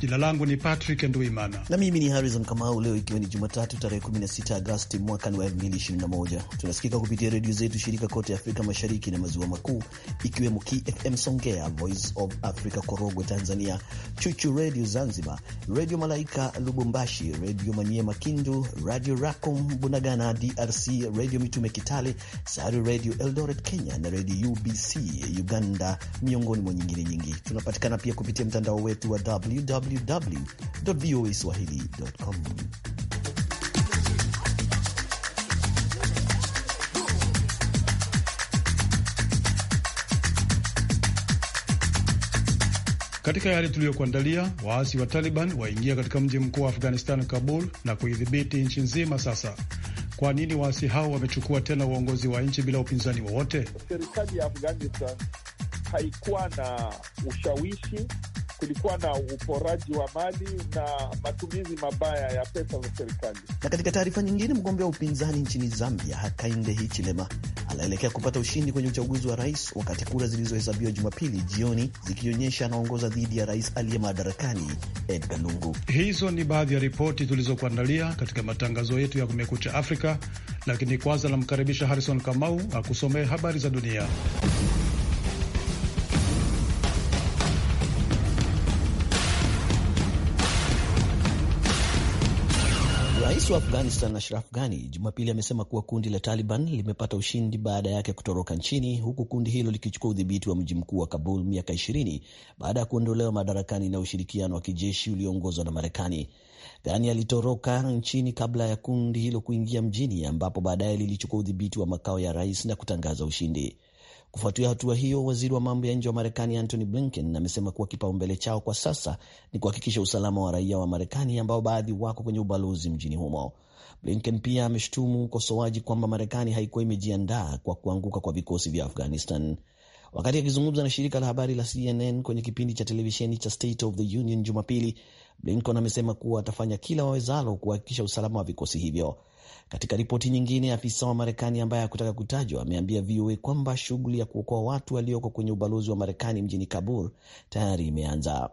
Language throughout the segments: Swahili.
Jina langu ni Patrick Nduimana na mimi ni Harrison Kamau. Leo ikiwa ni Jumatatu tarehe 16 Agosti mwaka wa 2021, tunasikika kupitia redio zetu shirika kote Afrika Mashariki na Maziwa Makuu, ikiwemo KFM Songea, Voice of Africa Korogwe Tanzania, Chuchu Redio Zanzibar, Redio Malaika Lubumbashi, Redio Maniema Kindu, Radio Racom Bunagana DRC, Redio Mitume Kitale, Sahari Redio Eldoret Kenya na Redio UBC Uganda, miongoni mwa nyingine nyingi. Tunapatikana pia kupitia mtandao wetu wa www www.voaswahili.com. Katika yale tuliyokuandalia, waasi wa Taliban waingia katika mji mkuu wa Afghanistan, Kabul, na kuidhibiti nchi nzima sasa. Kwa nini waasi hao wamechukua tena uongozi wa nchi bila upinzani wowote? Serikali ya Afghanistan haikuwa na ushawishi kulikuwa na uporaji wa mali na matumizi mabaya ya pesa za serikali. Na katika taarifa nyingine, mgombea wa upinzani nchini Zambia Hakainde Hichilema anaelekea kupata ushindi kwenye uchaguzi wa rais, wakati kura zilizohesabiwa Jumapili jioni zikionyesha anaongoza dhidi ya rais aliye madarakani Edgar Lungu. Hizo ni baadhi ya ripoti tulizokuandalia katika matangazo yetu ya Kumekucha Afrika, lakini kwanza namkaribisha Harrison Kamau akusomee habari za dunia. wa Afghanistan Ashraf Ghani Jumapili amesema kuwa kundi la Taliban limepata ushindi baada yake kutoroka nchini, huku kundi hilo likichukua udhibiti wa mji mkuu wa Kabul miaka 20 baada ya kuondolewa madarakani na ushirikiano wa kijeshi ulioongozwa na Marekani. Ghani alitoroka nchini kabla ya kundi hilo kuingia mjini, ambapo baadaye lilichukua udhibiti wa makao ya rais na kutangaza ushindi. Kufuatia hatua hiyo, waziri wa mambo ya nje wa Marekani Antony Blinken amesema kuwa kipaumbele chao kwa sasa ni kuhakikisha usalama wa raia wa Marekani ambao baadhi wako kwenye ubalozi mjini humo. Blinken pia ameshutumu ukosoaji kwamba Marekani haikuwa imejiandaa kwa kuanguka kwa vikosi vya Afghanistan. Wakati akizungumza na shirika la habari la CNN kwenye kipindi cha televisheni cha State of the Union Jumapili, Blinken amesema kuwa atafanya kila wawezalo kuhakikisha usalama wa vikosi hivyo. Katika ripoti nyingine, afisa wa Marekani ambaye hakutaka kutajwa ameambia VOA kwamba shughuli ya kuokoa watu walioko kwenye ubalozi wa Marekani mjini Kabul tayari imeanza.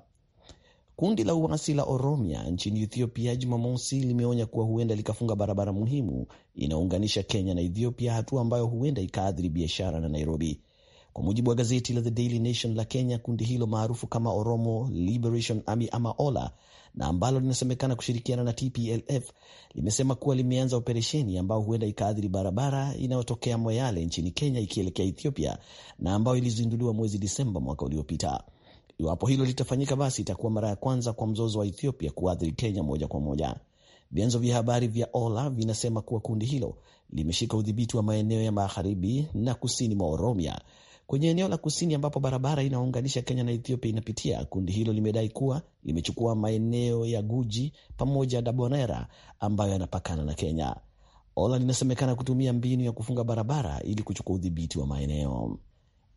Kundi la uasi la Oromia nchini Ethiopia Jumamosi limeonya kuwa huenda likafunga barabara muhimu inayounganisha Kenya na Ethiopia, hatua ambayo huenda ikaathiri biashara na Nairobi. Kwa mujibu wa gazeti la The Daily Nation la Kenya, kundi hilo maarufu kama Oromo Liberation Army ama OLA na ambalo linasemekana kushirikiana na TPLF limesema kuwa limeanza operesheni ambayo huenda ikaathiri barabara inayotokea Moyale nchini Kenya ikielekea Ethiopia na ambayo ilizinduliwa mwezi Disemba mwaka uliopita. Iwapo hilo litafanyika, basi itakuwa mara ya kwanza kwa mzozo wa Ethiopia kuathiri Kenya moja kwa moja. Vyanzo vya habari vya OLA vinasema kuwa kundi hilo limeshika udhibiti wa maeneo ya magharibi na kusini mwa Oromia Kwenye eneo la kusini ambapo barabara inaunganisha Kenya na Ethiopia inapitia, kundi hilo limedai kuwa limechukua maeneo ya Guji pamoja na Bonera ambayo yanapakana na Kenya. Ola linasemekana kutumia mbinu ya kufunga barabara ili kuchukua udhibiti wa maeneo.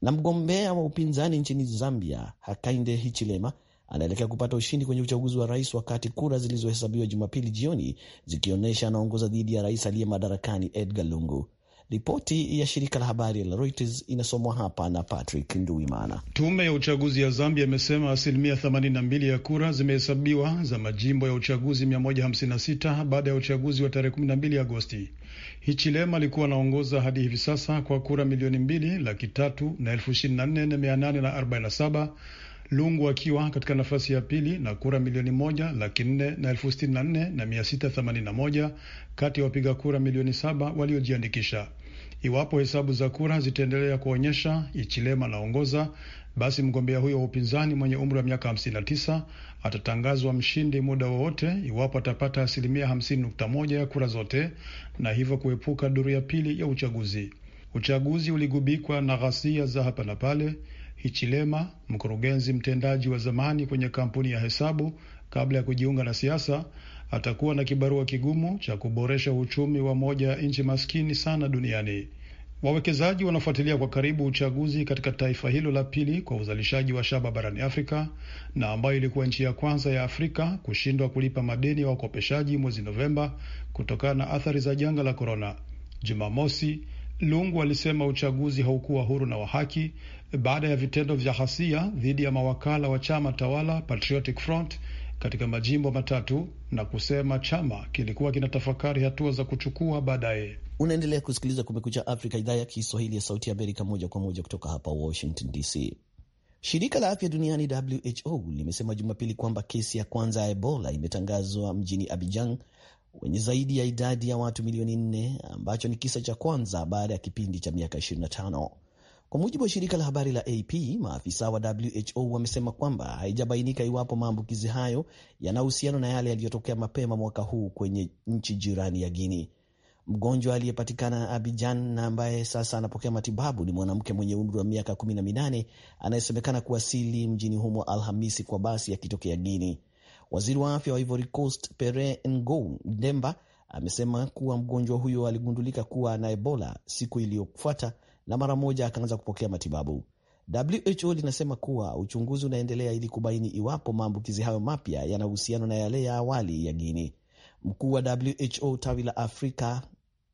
Na mgombea wa upinzani nchini Zambia, Hakainde Hichilema, anaelekea kupata ushindi kwenye uchaguzi wa rais, wakati kura zilizohesabiwa Jumapili jioni zikionyesha anaongoza dhidi ya rais aliye madarakani Edgar Lungu. Ripoti ya shirika la habari la Reuters inasomwa hapa na Patrick Nduimana. Tume ya uchaguzi ya Zambia imesema asilimia 82 ya kura zimehesabiwa za majimbo ya uchaguzi 156 baada ya uchaguzi wa tarehe 12 Agosti. Hichilema alikuwa anaongoza hadi hivi sasa kwa kura milioni mbili laki tatu na elfu na na Lungu akiwa katika nafasi ya pili na kura milioni moja laki nne na elfu sitini na nne na mia sita themanini na moja kati ya wapiga kura milioni saba waliojiandikisha. Iwapo hesabu za kura zitaendelea kuonyesha Ichilema anaongoza, basi mgombea huyo wa upinzani mwenye umri wa miaka 59 atatangazwa mshindi muda wowote iwapo atapata asilimia 50.1 ya kura zote na hivyo kuepuka duru ya pili ya uchaguzi. Uchaguzi uligubikwa na ghasia za hapa na pale. Hichilema, mkurugenzi mtendaji wa zamani kwenye kampuni ya hesabu kabla ya kujiunga na siasa, atakuwa na kibarua kigumu cha kuboresha uchumi wa moja ya nchi maskini sana duniani. Wawekezaji wanafuatilia kwa karibu uchaguzi katika taifa hilo la pili kwa uzalishaji wa shaba barani Afrika na ambayo ilikuwa nchi ya kwanza ya Afrika kushindwa kulipa madeni ya wa wakopeshaji mwezi Novemba kutokana na athari za janga la korona. Jumamosi, Lungu alisema uchaguzi haukuwa huru na wa haki baada ya vitendo vya ghasia dhidi ya mawakala wa chama tawala Patriotic Front katika majimbo matatu na kusema chama kilikuwa kinatafakari hatua za kuchukua baadaye. Unaendelea kusikiliza Kumekucha Afrika, idhaa ya Kiswahili ya Sauti ya Amerika, moja kwa moja kutoka hapa Washington DC. Shirika la afya duniani WHO limesema Jumapili kwamba kesi ya kwanza ya Ebola imetangazwa mjini Abidjan wenye zaidi ya idadi ya watu milioni nne ambacho ni kisa cha kwanza baada ya kipindi cha miaka 25. Kwa mujibu wa shirika la habari la AP, maafisa wa WHO wamesema kwamba haijabainika iwapo maambukizi hayo yana uhusiano na yale yaliyotokea mapema mwaka huu kwenye nchi jirani ya guini Mgonjwa aliyepatikana abijan na ambaye sasa anapokea matibabu ni mwanamke mwenye umri wa miaka 18 anayesemekana kuwasili mjini humo Alhamisi kwa basi akitokea guini Waziri wa afya wa Ivory Coast Pere Ngou Ndemba amesema kuwa mgonjwa huyo aligundulika kuwa na Ebola siku iliyofuata na mara moja akaanza kupokea matibabu. WHO linasema kuwa uchunguzi unaendelea ili kubaini iwapo maambukizi hayo mapya yana uhusiano na yale ya awali ya Guini. Mkuu wa WHO tawi la Afrika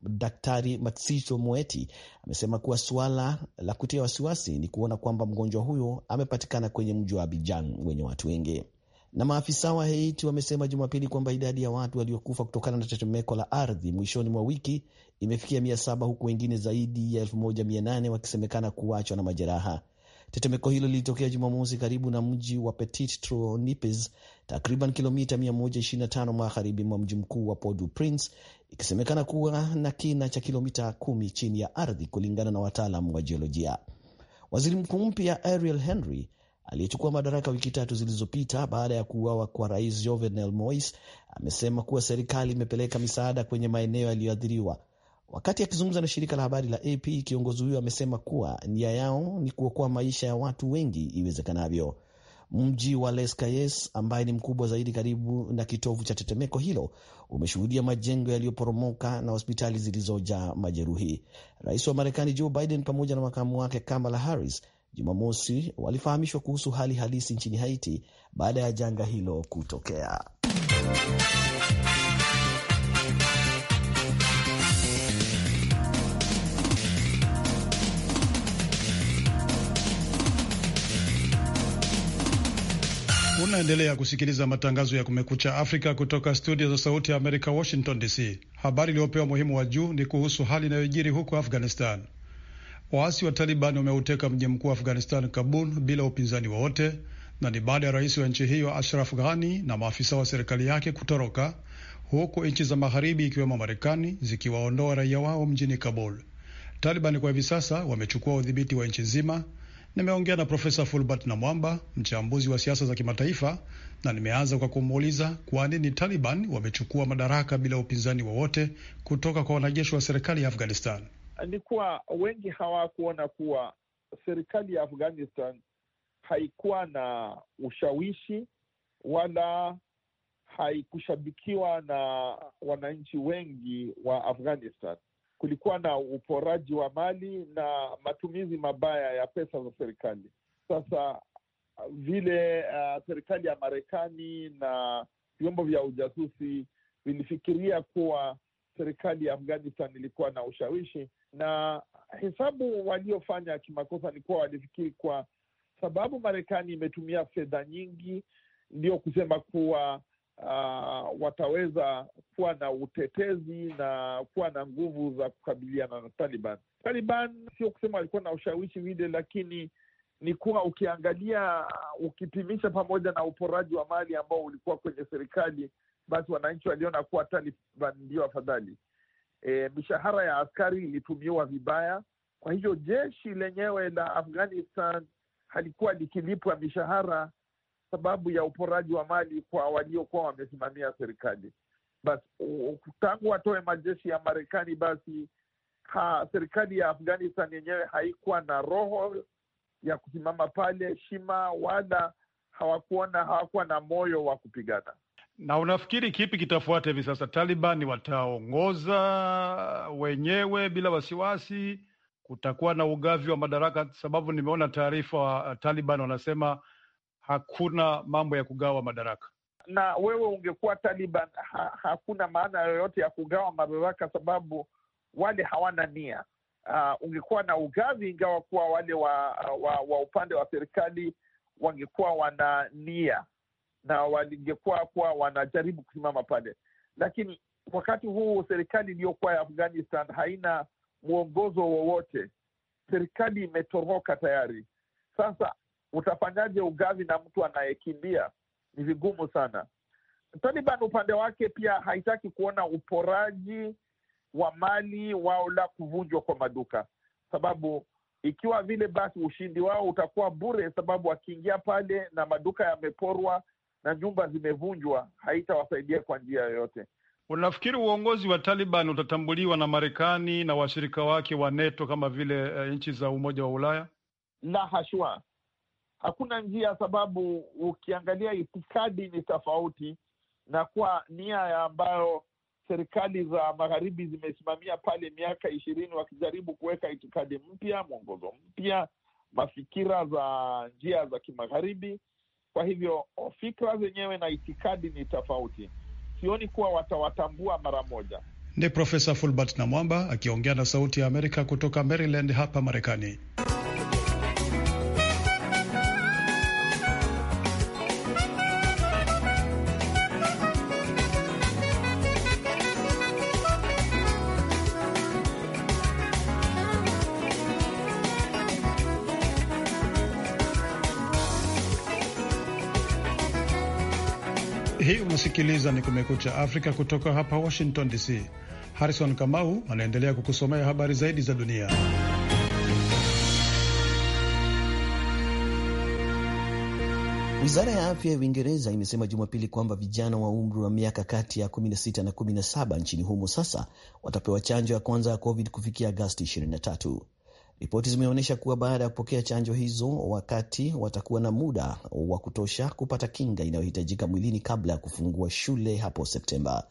Daktari Matshidiso Moeti amesema kuwa suala la kutia wasiwasi ni kuona kwamba mgonjwa huyo amepatikana kwenye mji wa abijan wenye watu wengi. Na maafisa wa Haiti wamesema Jumapili kwamba idadi ya watu waliokufa kutokana na tetemeko la ardhi mwishoni mwa wiki imefikia mia saba huku wengine zaidi ya elfu moja mia nane wakisemekana kuachwa na majeraha. Tetemeko hilo lilitokea Jumamosi karibu na mji wa Petit Trounippes, takriban kilomita 125 magharibi mwa mji mkuu wa Port-au-Prince, ikisemekana kuwa na kina cha kilomita kumi chini ya ardhi, kulingana na wataalam wa jiolojia. Waziri mkuu mpya Ariel Henry aliyechukua madaraka wiki tatu zilizopita baada ya kuuawa kwa rais Jovenel Mois amesema kuwa serikali imepeleka misaada kwenye maeneo yaliyoathiriwa. Wakati akizungumza na shirika la habari la AP, kiongozi huyo amesema kuwa nia yao ni kuokoa maisha ya watu wengi iwezekanavyo. Mji wa Les Cayes ambaye ni mkubwa zaidi karibu na kitovu cha tetemeko hilo umeshuhudia majengo yaliyoporomoka na hospitali zilizojaa majeruhi. Rais wa Marekani Joe Biden pamoja na makamu wake Kamala Harris Jumamosi walifahamishwa kuhusu hali halisi nchini Haiti baada ya janga hilo kutokea. Unaendelea kusikiliza matangazo ya Kumekucha Afrika kutoka studio za Sauti ya Amerika, Washington DC. Habari iliyopewa muhimu wa juu ni kuhusu hali inayojiri huko Afghanistan. Waasi wa Taliban wameuteka mji mkuu wa Afghanistan, Kabul, bila upinzani wowote na ni baada ya rais wa nchi hiyo Ashraf Ghani na maafisa wa serikali yake kutoroka, huku nchi za magharibi ikiwemo Marekani zikiwaondoa raia wao mjini Kabul. Taliban kwa hivi sasa wamechukua udhibiti wa nchi nzima. Nimeongea na Profesa Fulbert na Mwamba, mchambuzi wa siasa za kimataifa, na nimeanza kwa kumuuliza kwa nini Taliban wamechukua madaraka bila upinzani wowote kutoka kwa wanajeshi wa serikali ya Afghanistan ni kuwa wengi hawakuona kuwa serikali ya Afghanistan haikuwa na ushawishi wala haikushabikiwa na wananchi wengi wa Afghanistan. Kulikuwa na uporaji wa mali na matumizi mabaya ya pesa za serikali. Sasa vile uh, serikali ya Marekani na vyombo vya ujasusi vilifikiria kuwa serikali ya Afghanistan ilikuwa na ushawishi, na hesabu waliofanya kimakosa ni kuwa walifikiri kwa sababu Marekani imetumia fedha nyingi, ndio kusema kuwa uh, wataweza kuwa na utetezi na kuwa na nguvu za kukabiliana na Taliban. Taliban sio kusema walikuwa na ushawishi vile, lakini ni kuwa ukiangalia, ukipimisha pamoja na uporaji wa mali ambao ulikuwa kwenye serikali, basi wananchi waliona kuwa Taliban ndio afadhali e, mishahara ya askari ilitumiwa vibaya. Kwa hivyo jeshi lenyewe la Afghanistan halikuwa likilipwa mishahara sababu ya uporaji wa mali kwa waliokuwa wamesimamia serikali. Basi tangu watoe majeshi ya Marekani, basi ha, serikali ya Afghanistan yenyewe haikuwa na roho ya kusimama pale shima, wala hawakuona hawakuwa na moyo wa kupigana. Na unafikiri kipi kitafuata hivi sasa? Taliban wataongoza wenyewe bila wasiwasi? Kutakuwa na ugavi wa madaraka? Sababu nimeona taarifa uh, Taliban wanasema hakuna mambo ya kugawa madaraka. Na wewe ungekuwa Taliban ha, hakuna maana yoyote ya kugawa madaraka, sababu wale hawana nia. Uh, ungekuwa na ugavi, ingawa kuwa wale wa, wa, wa upande wa serikali wangekuwa wana nia na walingekuwa kuwa wanajaribu kusimama pale, lakini wakati huu serikali iliyokuwa ya Afghanistan haina mwongozo wowote. Serikali imetoroka tayari. Sasa utafanyaje ugavi na mtu anayekimbia? Ni vigumu sana. Taliban upande wake pia haitaki kuona uporaji wa mali wao la kuvunjwa kwa maduka, sababu ikiwa vile basi ushindi wao utakuwa bure, sababu wakiingia pale na maduka yameporwa, na nyumba zimevunjwa, haitawasaidia kwa njia yoyote. Unafikiri uongozi wa Taliban utatambuliwa na Marekani na washirika wake wa NATO kama vile eh, nchi za Umoja wa Ulaya? La hashwa, hakuna njia, sababu ukiangalia itikadi ni tofauti, na kwa nia ya ambayo serikali za magharibi zimesimamia pale miaka ishirini wakijaribu kuweka itikadi mpya, mwongozo mpya, mafikira za njia za kimagharibi kwa hivyo fikra zenyewe na itikadi ni tofauti, sioni kuwa watawatambua mara moja. Ni Profesa Fulbert Namwamba akiongea na Sauti ya Amerika kutoka Maryland hapa Marekani. unasikiliza ni Kumekucha Afrika kutoka hapa Washington DC. Harrison Kamau anaendelea kukusomea habari zaidi za dunia. Wizara ya afya ya Uingereza imesema Jumapili kwamba vijana wa umri wa miaka kati ya 16 na 17 nchini humo sasa watapewa chanjo ya kwanza ya COVID kufikia Agasti 23. Ripoti zimeonyesha kuwa baada ya kupokea chanjo hizo wakati watakuwa na muda wa kutosha kupata kinga inayohitajika mwilini kabla ya kufungua shule hapo Septemba.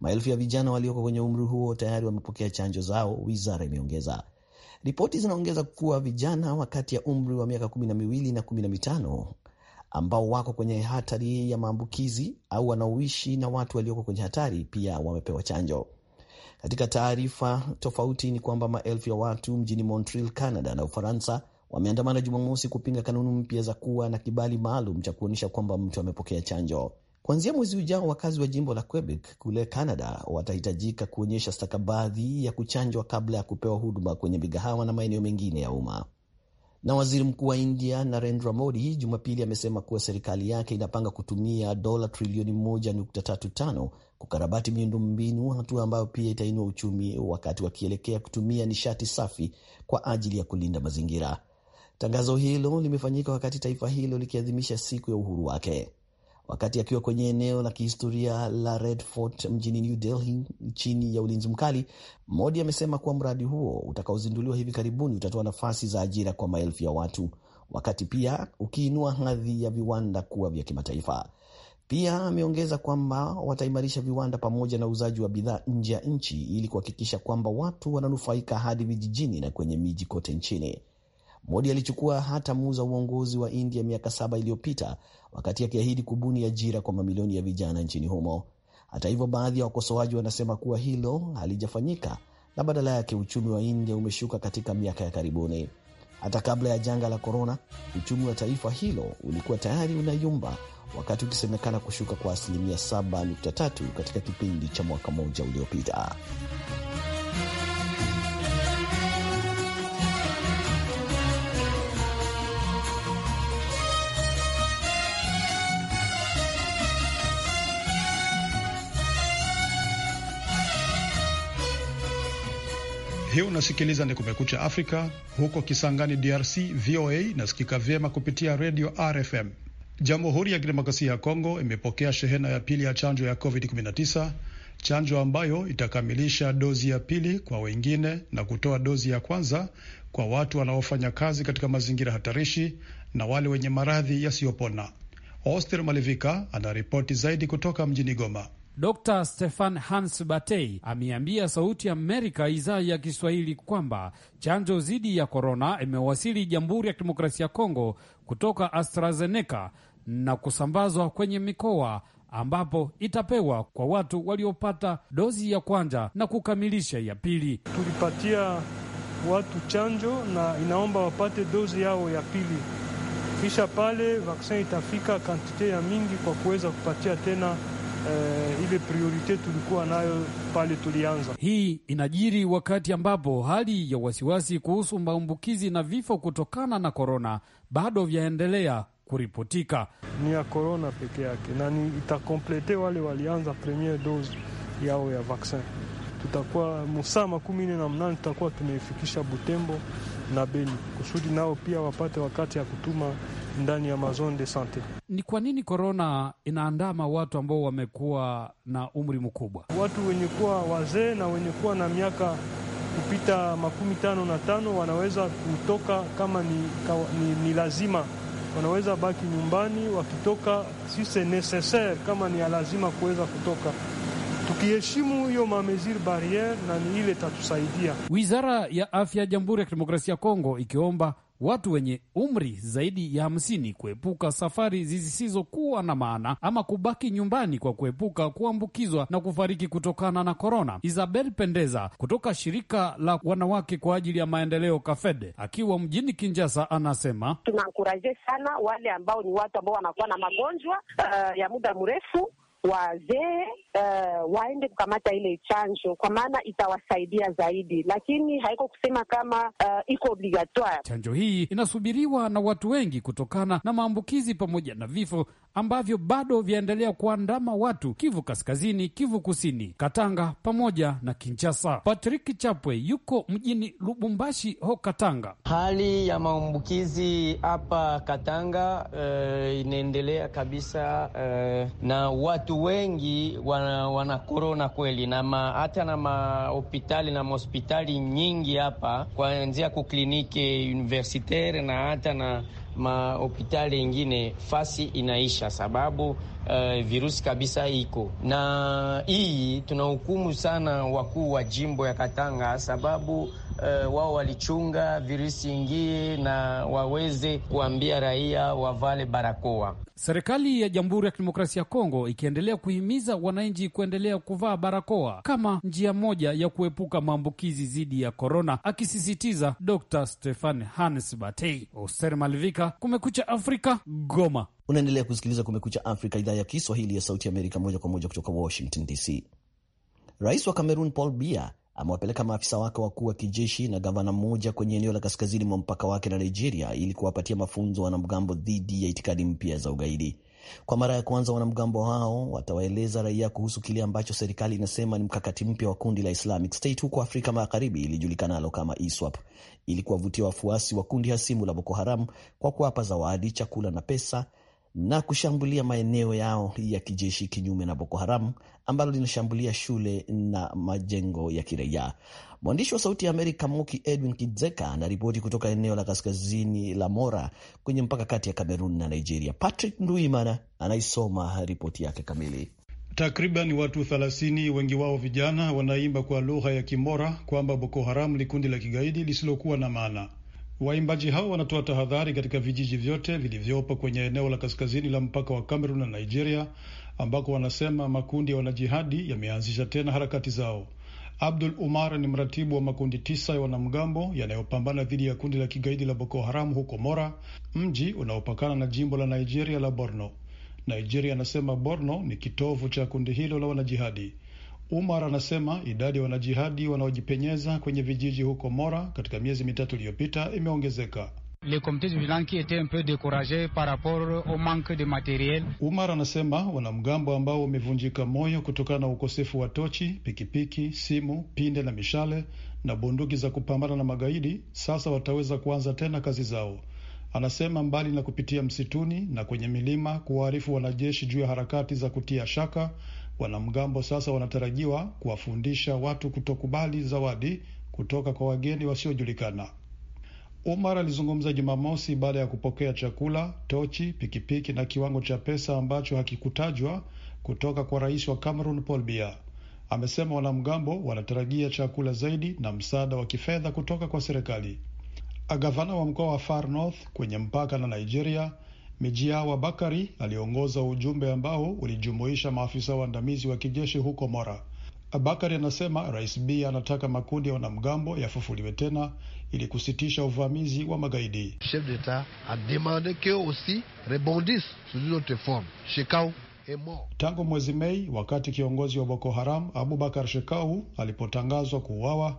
Maelfu ya vijana walioko kwenye umri huo tayari wamepokea chanjo zao, wizara imeongeza. Ripoti zinaongeza kuwa vijana wakati ya umri wa miaka kumi na miwili na kumi na mitano ambao wako kwenye hatari ya maambukizi au wanaoishi na watu walioko kwenye hatari pia wamepewa chanjo. Katika taarifa tofauti ni kwamba maelfu ya watu mjini Montreal, Canada na Ufaransa wameandamana Jumamosi kupinga kanuni mpya za kuwa na kibali maalum cha kuonyesha kwamba mtu amepokea chanjo. Kuanzia mwezi ujao, wakazi wa jimbo la Quebec kule Canada watahitajika kuonyesha stakabadhi ya kuchanjwa kabla ya kupewa huduma kwenye migahawa na maeneo mengine ya umma. Na waziri mkuu wa India Narendra Modi Jumapili amesema kuwa serikali yake inapanga kutumia dola trilioni 1.35 kukarabati miundombinu, hatua ambayo pia itainua uchumi wakati wakielekea kutumia nishati safi kwa ajili ya kulinda mazingira. Tangazo hilo limefanyika wakati taifa hilo likiadhimisha siku ya uhuru wake wakati akiwa kwenye eneo la kihistoria la Red Fort mjini New Delhi chini ya ulinzi mkali. Modi amesema kuwa mradi huo utakaozinduliwa hivi karibuni utatoa nafasi za ajira kwa maelfu ya watu, wakati pia ukiinua hadhi ya viwanda kuwa vya kimataifa. Pia ameongeza kwamba wataimarisha viwanda pamoja na uuzaji wa bidhaa nje ya nchi ili kuhakikisha kwamba watu wananufaika hadi vijijini na kwenye miji kote nchini. Modi alichukua hatamu za uongozi wa India miaka saba iliyopita wakati akiahidi kubuni ajira kwa mamilioni ya vijana nchini humo. Hata hivyo, baadhi ya wakosoaji wanasema kuwa hilo halijafanyika na badala yake uchumi wa India umeshuka katika miaka ya karibuni. Hata kabla ya janga la korona, uchumi wa taifa hilo ulikuwa tayari unayumba, wakati ukisemekana kushuka kwa asilimia 7.3 katika kipindi cha mwaka mmoja uliopita. Hii unasikiliza ni Kumekucha Afrika. Huko Kisangani, DRC, VOA nasikika vyema kupitia redio RFM. Jamhuri ya Kidemokrasia ya Kongo imepokea shehena ya pili ya chanjo ya COVID-19, chanjo ambayo itakamilisha dozi ya pili kwa wengine na kutoa dozi ya kwanza kwa watu wanaofanya kazi katika mazingira hatarishi na wale wenye maradhi yasiyopona. Oster Malivika anaripoti zaidi kutoka mjini Goma. Dr Stefan Hans Batei ameambia Sauti ya Amerika idhaa ya Kiswahili kwamba chanjo dhidi ya korona imewasili Jamhuri ya Kidemokrasia ya Kongo kutoka AstraZeneca na kusambazwa kwenye mikoa ambapo itapewa kwa watu waliopata dozi ya kwanza na kukamilisha ya pili. Tulipatia watu chanjo na inaomba wapate dozi yao ya pili, kisha pale vaksin itafika kantite ya mingi kwa kuweza kupatia tena eh, ile priorite tulikuwa nayo pale tulianza. Hii inajiri wakati ambapo hali ya wasiwasi kuhusu maambukizi na vifo kutokana na korona bado vyaendelea kuripotika. Ni ya korona peke yake na ni itakomplete wale walianza premier dose yao ya vaksin tutakuwa musaa makumi nne na mnane tutakuwa tumeifikisha Butembo na Beni kusudi nao pia wapate wakati ya kutuma ndani ya mazone de sante. Ni kwa nini korona inaandama watu ambao wamekuwa na umri mkubwa, watu wenye kuwa wazee na wenye kuwa na miaka kupita makumi tano na tano wanaweza kutoka kama ni, ni, ni lazima wanaweza baki nyumbani wakitoka, si se necessaire, kama ni ya lazima kuweza kutoka Tukiheshimu hiyo mamezir barriere na ni ile tatusaidia Wizara ya Afya ya Jamhuri ya Kidemokrasia ya Kongo ikiomba watu wenye umri zaidi ya hamsini kuepuka safari zisizokuwa na maana ama kubaki nyumbani kwa kuepuka kuambukizwa na kufariki kutokana na korona. Isabel Pendeza kutoka shirika la wanawake kwa ajili ya maendeleo Kafede akiwa mjini Kinjasa anasema tunankuraje sana wale ambao ni watu ambao wanakuwa na magonjwa uh, ya muda mrefu wazee uh, waende kukamata ile chanjo kwa maana itawasaidia zaidi, lakini haiko kusema kama uh, iko obligatoire. Chanjo hii inasubiriwa na watu wengi kutokana na maambukizi pamoja na vifo ambavyo bado vyaendelea kuandama watu Kivu Kaskazini, Kivu Kusini, Katanga pamoja na Kinshasa. Patrick Chapwe yuko mjini Lubumbashi ho Katanga. Hali ya maambukizi hapa Katanga uh, inaendelea kabisa uh, na watu watu wengi wana, wana korona kweli, na ma, hata na mahopitali na mahospitali nyingi hapa kuanzia kuklinike universitaire na hata na mahopitali ingine fasi inaisha sababu uh, eh, virusi kabisa iko na hii. Tunahukumu sana wakuu wa jimbo ya Katanga sababu Uh, wao walichunga virusi ingie na waweze kuambia raia wavale barakoa. Serikali ya Jamhuri ya Kidemokrasia ya Kongo ikiendelea kuhimiza wananchi kuendelea kuvaa barakoa kama njia moja ya kuepuka maambukizi dhidi ya korona, akisisitiza Dr. Stefan hanes Batei. Oster Malivika, Kumekucha Afrika, Goma. Unaendelea kusikiliza Kumekucha Afrika, idhaa ya Kiswahili ya Sauti Amerika, moja kwa moja kutoka Washington DC. Rais wa Cameroon Paul Biya amewapeleka maafisa wake wakuu wa kijeshi na gavana mmoja kwenye eneo la kaskazini mwa mpaka wake na Nigeria ili kuwapatia mafunzo wanamgambo dhidi ya itikadi mpya za ugaidi. Kwa mara ya kwanza, wanamgambo hao watawaeleza raia kuhusu kile ambacho serikali inasema ni mkakati mpya wa kundi la Islamic State huko Afrika Magharibi ilijulikanalo kama ISWAP ili kuwavutia wafuasi wa kundi hasimu la Boko Haram kwa kuwapa zawadi, chakula na pesa na kushambulia maeneo yao ya kijeshi kinyume na Boko Haram ambalo linashambulia shule na majengo ya kiraia. Mwandishi wa Sauti ya Amerika Muki Edwin Kidzeka anaripoti kutoka eneo la kaskazini la Mora kwenye mpaka kati ya Kamerun na Nigeria. Patrick Nduimana anaisoma ripoti yake kamili. Takriban watu 30 wengi wao vijana, wanaimba kwa lugha ya Kimora kwamba Boko Haram ni kundi la kigaidi lisilokuwa na maana. Waimbaji hao wanatoa tahadhari katika vijiji vyote vilivyopo kwenye eneo la kaskazini la mpaka wa Cameroon na Nigeria, ambako wanasema makundi ya wanajihadi yameanzisha tena harakati zao. Abdul Umar ni mratibu wa makundi tisa ya wanamgambo yanayopambana dhidi ya kundi la kigaidi la Boko haramu huko Mora, mji unaopakana na jimbo la Nigeria la Borno. Nigeria anasema Borno ni kitovu cha kundi hilo la wanajihadi. Umar anasema idadi ya wanajihadi wanaojipenyeza kwenye vijiji huko Mora katika miezi mitatu iliyopita imeongezeka. Umar anasema wanamgambo ambao wamevunjika moyo kutokana na ukosefu wa tochi, pikipiki, simu, pinde na mishale na bunduki za kupambana na magaidi sasa wataweza kuanza tena kazi zao. Anasema mbali na kupitia msituni na kwenye milima kuwaarifu wanajeshi juu ya harakati za kutia shaka Wanamgambo sasa wanatarajiwa kuwafundisha watu kutokubali zawadi kutoka kwa wageni wasiojulikana. Umar alizungumza Jumamosi baada ya kupokea chakula, tochi, pikipiki na kiwango cha pesa ambacho hakikutajwa kutoka kwa rais wa Cameroon Paul Biya. Amesema wanamgambo wanatarajia chakula zaidi na msaada wa kifedha kutoka kwa serikali. Gavana wa mkoa wa Far North kwenye mpaka na Nigeria Mijiawa Bakari aliongoza ujumbe ambao ulijumuisha maafisa waandamizi wa kijeshi huko Mora. Bakari anasema Rais b anataka makundi ya wanamgambo yafufuliwe tena ili kusitisha uvamizi wa magaidi. Chef d'etat a demande que aussi rebondisse sur notre forme Shekau Tangu mwezi Mei, wakati kiongozi wa Boko Haram Abubakar Shekau alipotangazwa kuuawa,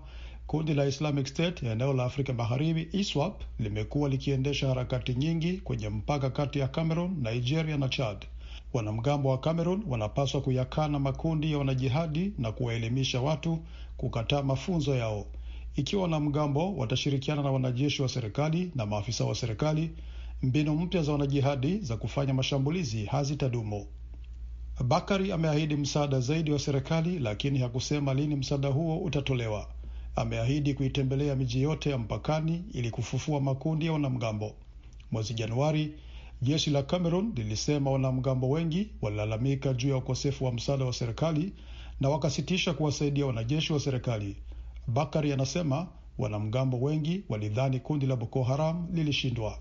Kundi la Islamic State ya eneo la Afrika Magharibi, ISWAP, limekuwa likiendesha harakati nyingi kwenye mpaka kati ya Cameroon, Nigeria na Chad. Wanamgambo wa Cameroon wanapaswa kuyakana makundi ya wanajihadi na kuwaelimisha watu kukataa mafunzo yao. Ikiwa wanamgambo watashirikiana na wanajeshi wa serikali na maafisa wa serikali, mbinu mpya za wanajihadi za kufanya mashambulizi hazitadumu. Bakari ameahidi msaada zaidi wa serikali, lakini hakusema lini msaada huo utatolewa ameahidi kuitembelea miji yote ya mpakani ili kufufua makundi ya wanamgambo. Mwezi Januari, jeshi la Cameroon lilisema wanamgambo wengi walilalamika juu ya ukosefu wa msaada wa serikali na wakasitisha kuwasaidia wanajeshi wa serikali. Bakari anasema wanamgambo wengi walidhani kundi la Boko Haram lilishindwa.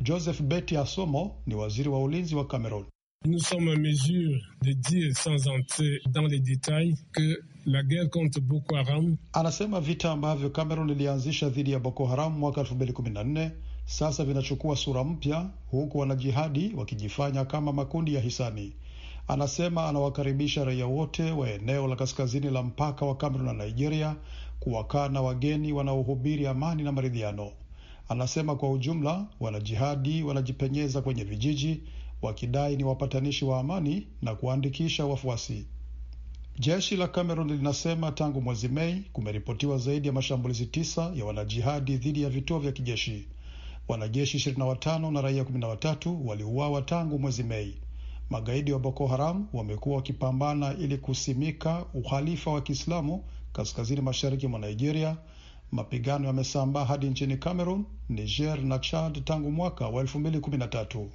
Joseph Beti Asomo ni waziri wa ulinzi wa Cameroon. Nous sommes en mesure de dire sans entrer dans les détails que la guerre contre Boko Haram. Anasema vita ambavyo Cameroon ilianzisha dhidi ya Boko Haram mwaka 2014 sasa vinachukua sura mpya, huku wanajihadi wakijifanya kama makundi ya hisani. Anasema anawakaribisha raia wote wa eneo la kaskazini la mpaka wa Cameroon na Nigeria kuwakaa na wageni wanaohubiri amani na maridhiano. Anasema kwa ujumla wanajihadi wanajipenyeza kwenye vijiji wakidai ni wapatanishi wa amani na kuandikisha wafuasi. Jeshi la Cameroon linasema tangu mwezi Mei kumeripotiwa zaidi ya mashambulizi tisa ya wanajihadi dhidi ya vituo vya kijeshi. Wanajeshi 25 na raia 13 waliuawa tangu mwezi Mei. Magaidi wa Boko Haram wamekuwa wakipambana ili kusimika uhalifa wa Kiislamu kaskazini mashariki mwa Nigeria. Mapigano yamesambaa hadi nchini Cameroon, Niger na Chad tangu mwaka wa 2013.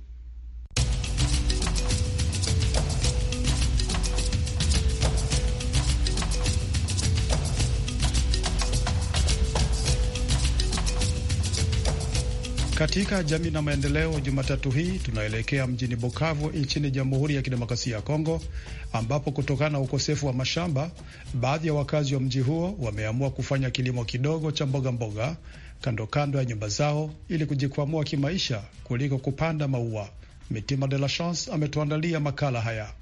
Katika jamii na maendeleo, Jumatatu hii tunaelekea mjini Bukavu nchini Jamhuri ya Kidemokrasia ya Kongo, ambapo kutokana na ukosefu wa mashamba, baadhi ya wakazi wa mji huo wameamua kufanya kilimo kidogo cha mboga mboga kando kando ya nyumba zao ili kujikwamua kimaisha kuliko kupanda maua. Mitima de la Chance ametuandalia makala haya.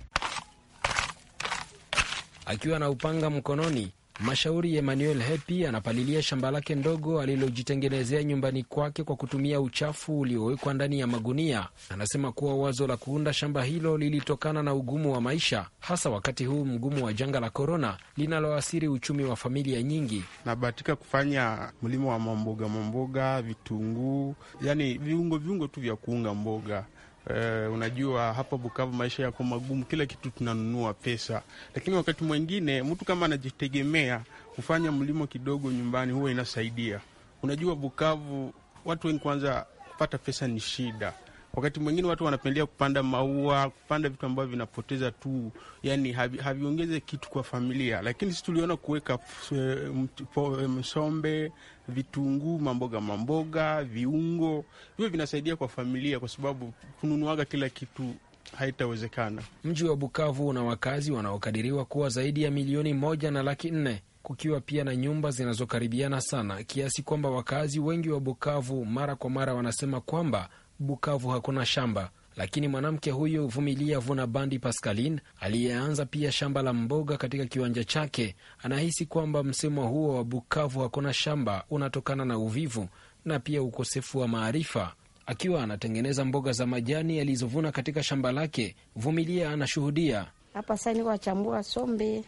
Akiwa na upanga mkononi, Mashauri Emmanuel Hepi anapalilia shamba lake ndogo alilojitengenezea nyumbani kwake kwa kutumia uchafu uliowekwa ndani ya magunia. Anasema kuwa wazo la kuunda shamba hilo lilitokana na ugumu wa maisha, hasa wakati huu mgumu wa janga la korona linaloathiri uchumi wa familia nyingi. Nabahatika kufanya mlimo wa mamboga, mamboga, vitunguu, yani viungo viungo tu vya kuunga mboga Uh, unajua hapa Bukavu maisha yako magumu, kila kitu tunanunua pesa, lakini wakati mwingine mtu kama anajitegemea kufanya mlimo kidogo nyumbani huwa inasaidia. Unajua Bukavu watu wengi, kwanza kupata pesa ni shida. Wakati mwingine watu wanapendelea kupanda maua, kupanda vitu ambavyo vinapoteza tu, yani haviongeze kitu kwa familia, lakini sisi tuliona kuweka eh, eh, msombe vitunguu, mamboga, mamboga, viungo, hivyo vinasaidia kwa familia, kwa sababu kununuaga kila kitu haitawezekana. Mji wa Bukavu una wakazi wanaokadiriwa kuwa zaidi ya milioni moja na laki nne kukiwa pia na nyumba zinazokaribiana sana kiasi kwamba wakazi wengi wa Bukavu mara kwa mara wanasema kwamba Bukavu hakuna shamba lakini mwanamke huyo Vumilia Vuna Bandi Pascaline, aliyeanza pia shamba la mboga katika kiwanja chake, anahisi kwamba msemo huo wa Bukavu hakuna shamba unatokana na uvivu na pia ukosefu wa maarifa. Akiwa anatengeneza mboga za majani alizovuna katika shamba lake, Vumilia anashuhudia hapa sasa, niko achambua sombe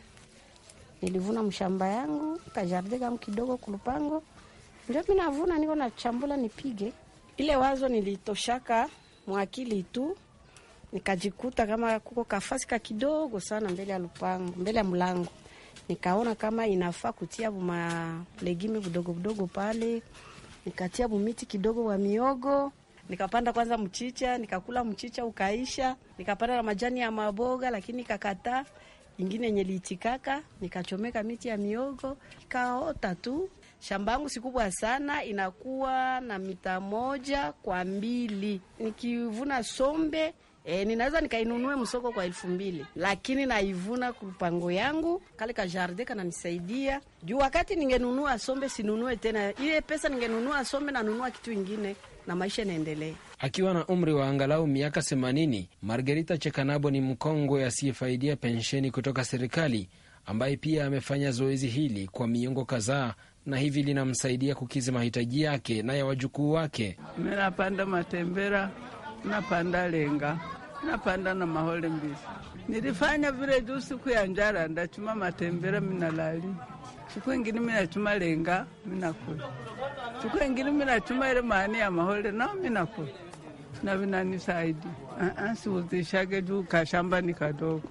nilivuna mshamba yangu kajarde kamu kidogo kulupango, ndio mi navuna, niko nachambula nipige. Ile wazo nilitoshaka mwakili tu, nikajikuta kama kuko kafasi ka kidogo sana mbele ya lupango, mbele ya mlango, nikaona kama inafaa kutia buma legime budogo budogo pale, nikatia bumiti kidogo wa miogo nikapanda kwanza mchicha, nikakula mchicha ukaisha, nikapanda na majani ya maboga, lakini kakata ingine yenye liitikaka, nikachomeka miti ya miogo kaota tu. Shamba yangu si kubwa sana, inakuwa na mita moja kwa mbili. Nikivuna sombe E, ninaweza nikainunue msoko kwa elfu mbili lakini naivuna kupango yangu kale ka jardin kananisaidia juu wakati ningenunua sombe sinunue tena ile pesa, ningenunua sombe nanunua kitu ingine na maisha inaendelea. Akiwa na umri wa angalau miaka themanini, Margarita Chekanabo ni mkongwe asiyefaidia pensheni kutoka serikali ambaye pia amefanya zoezi hili kwa miongo kadhaa na hivi linamsaidia kukizi mahitaji yake na ya wajukuu wake. Minapanda matembera, napanda lenga, napanda na mahole mbisi. Nilifanya vile juu siku ya njara, ndachuma matembera minalali siku ingini minachuma lenga minakula, siku ingini minachuma ile maani ya mahole nao minakula na Uh -uh, siuzishage juu kashamba ni kadogo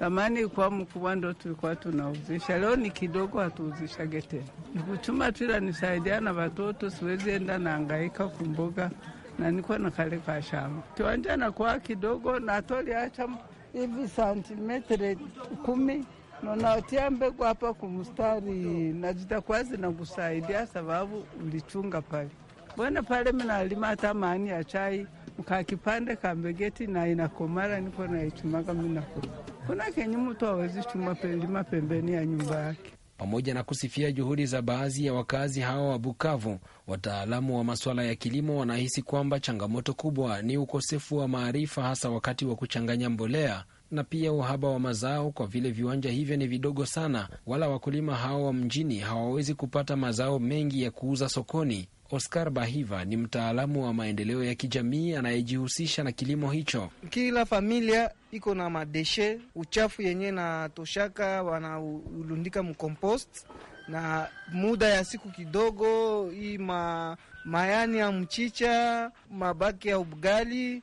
Zamani kwa mkubwa ndo tulikuwa tunauzisha, leo ni kidogo, hatuuzishage tena. Nikuchuma tu nisaidia na watoto, siwezi enda naangaika kumboga na niko na kale kwa shamba kiwanja na kwa kidogo na natoliacha hivi santimetre kumi nonatia mbegu hapa kumstari najitakuwa zinakusaidia sababu ulichunga pale bwana pale minalima hata maani ya chai mkakipande kambegeti na inakomara niko naichumaga minakula kuna kenye mtu awezi chuma lima ya nyumba yake. Pamoja na kusifia juhudi za baadhi ya wakazi hawa wa Bukavu, wataalamu wa masuala ya kilimo wanahisi kwamba changamoto kubwa ni ukosefu wa maarifa, hasa wakati wa kuchanganya mbolea na pia uhaba wa mazao, kwa vile viwanja hivyo ni vidogo sana, wala wakulima hao wa mjini hawawezi kupata mazao mengi ya kuuza sokoni. Oscar Bahiva ni mtaalamu wa maendeleo ya kijamii anayejihusisha na kilimo hicho. Kila familia iko na madeshe, uchafu yenye na toshaka wanaulundika mkompost, na muda ya siku kidogo hii ma, mayani ya mchicha, mabaki ya ubgali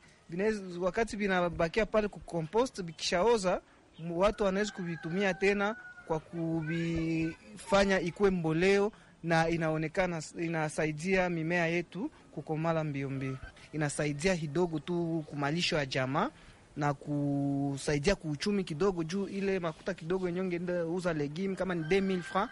wakati vinabakia pale kukompost, vikishaoza watu wanaweza kuvitumia tena kwa kuvifanya ikuwe mboleo, na inaonekana inasaidia mimea yetu kukomala mbio mbio, inasaidia kidogo tu kumalisho ya jamaa na kusaidia kuuchumi kidogo, juu ile makuta kidogo yenyewe ungeuza legume kama ni 2000 francs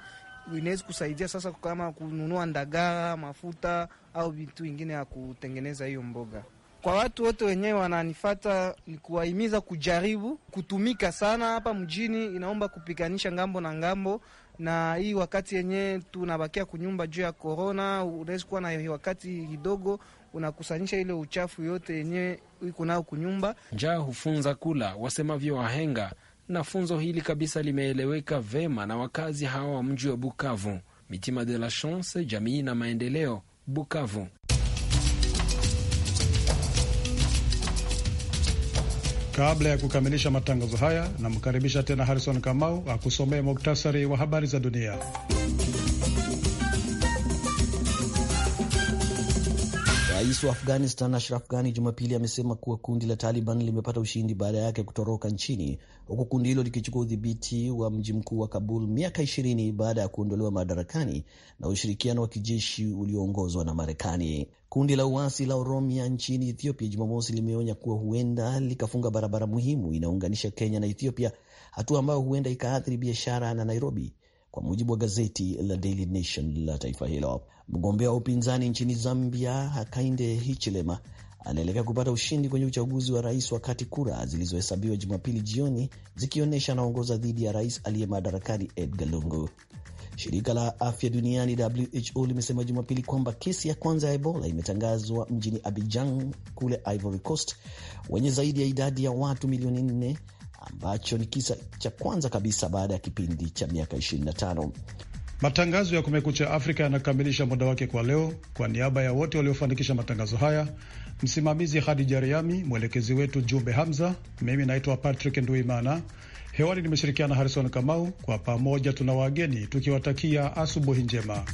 inaweza kusaidia sasa, kama kununua ndagaa, mafuta au vitu vingine ya kutengeneza hiyo mboga. Kwa watu wote wenyewe wananifata ni kuwahimiza kujaribu kutumika sana hapa mjini, inaomba kupiganisha ngambo na ngambo, na hii wakati yenyewe tunabakia kunyumba juu ya korona, unaweza kuwa na wakati kidogo unakusanyisha ile uchafu yote yenyewe iko nayo kunyumba. Njaa hufunza kula, wasemavyo wahenga, na funzo hili kabisa limeeleweka vema na wakazi hawa wa mji wa Bukavu. Mitima de la Chance, jamii na maendeleo, Bukavu. Kabla ya kukamilisha matangazo haya, namkaribisha tena Harrison Kamau akusomee muktasari wa habari za dunia. Rais wa Afghanistan Ashraf Ghani Jumapili amesema kuwa kundi la Taliban limepata ushindi baada yake kutoroka nchini, huku kundi hilo likichukua udhibiti wa mji mkuu wa Kabul miaka ishirini baada ya kuondolewa madarakani na ushirikiano wa kijeshi ulioongozwa na Marekani. Kundi la uasi la Oromia nchini Ethiopia Jumamosi limeonya kuwa huenda likafunga barabara muhimu inayounganisha Kenya na Ethiopia, hatua ambayo huenda ikaathiri biashara na Nairobi, kwa mujibu wa gazeti la Daily Nation la taifa hilo. Mgombea wa upinzani nchini Zambia Hakainde Hichilema anaelekea kupata ushindi kwenye uchaguzi wa rais wakati kura zilizohesabiwa Jumapili jioni zikionyesha anaongoza dhidi ya rais aliye madarakani Edgar Lungu. Shirika la afya duniani WHO limesema Jumapili kwamba kesi ya kwanza ya Ebola imetangazwa mjini Abidjan kule Ivory Coast, wenye zaidi ya idadi ya watu milioni nne, ambacho ni kisa cha kwanza kabisa baada ya kipindi cha miaka 25. Matangazo ya Kumekucha Afrika yanakamilisha muda wake kwa leo. Kwa niaba ya wote waliofanikisha matangazo haya, msimamizi Hadija Riami, mwelekezi wetu Jumbe Hamza, mimi naitwa Patrick Nduimana. Hewani nimeshirikiana Harrison Kamau. Kwa pamoja tuna wageni tukiwatakia asubuhi njema.